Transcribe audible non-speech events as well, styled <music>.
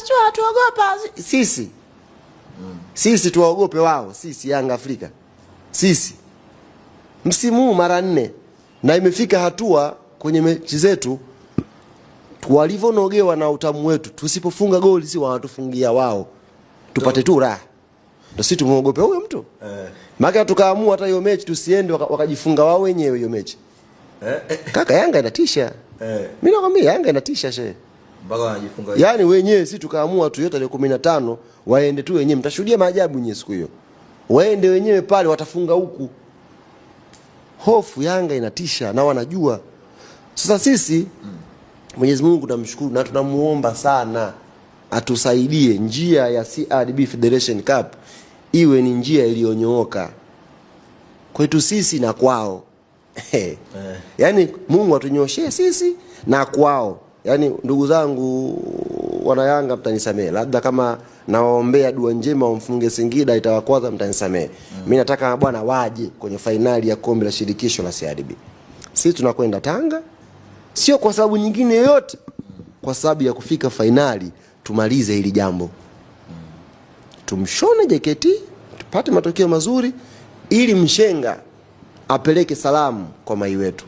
sio hatuogopa sisi mm. sisi tuwaogope wao sisi Yanga Afrika sisi msimu huu mara nne na imefika hatua kwenye mechi zetu walivyonogewa na utamu wetu, tusipofunga goli si wanatufungia wao, tupate tu raha, ndio sisi tumuogope huyo mtu eh. Maana tukaamua hata hiyo mechi tusiende, wakajifunga waka wao wenyewe hiyo mechi eh, eh. Kaka, Yanga inatisha eh. Mimi nakwambia Yanga inatisha shehe. Yaani wenyewe si tukaamua tu tarehe kumi na waende tu wenyewe, mtashuhudia maajabu nye siku hiyo, waende wenyewe pale, watafunga huku. Hofu Yanga inatisha na wanajua. Sasa sisi Mwenyezi Mungu tunamshukuru na tunamuomba sana atusaidie njia ya CRDB Federation Cup iwe ni njia iliyonyooka kwetu sisi na kwao. <laughs> Eh. Yaani Mungu atunyoshee sisi na kwao yani, ndugu zangu wanayanga, mtanisamee labda kama nawaombea dua njema wamfunge Singida itawakwaza, mtanisamee mm. Mimi nataka bwana waje kwenye fainali ya kombe la shirikisho la CRB. Sisi tunakwenda Tanga sio kwa sababu nyingine yoyote, kwa sababu ya kufika fainali tumalize hili jambo, tumshone JKT tupate matokeo mazuri, ili mshenga apeleke salamu kwa mai wetu.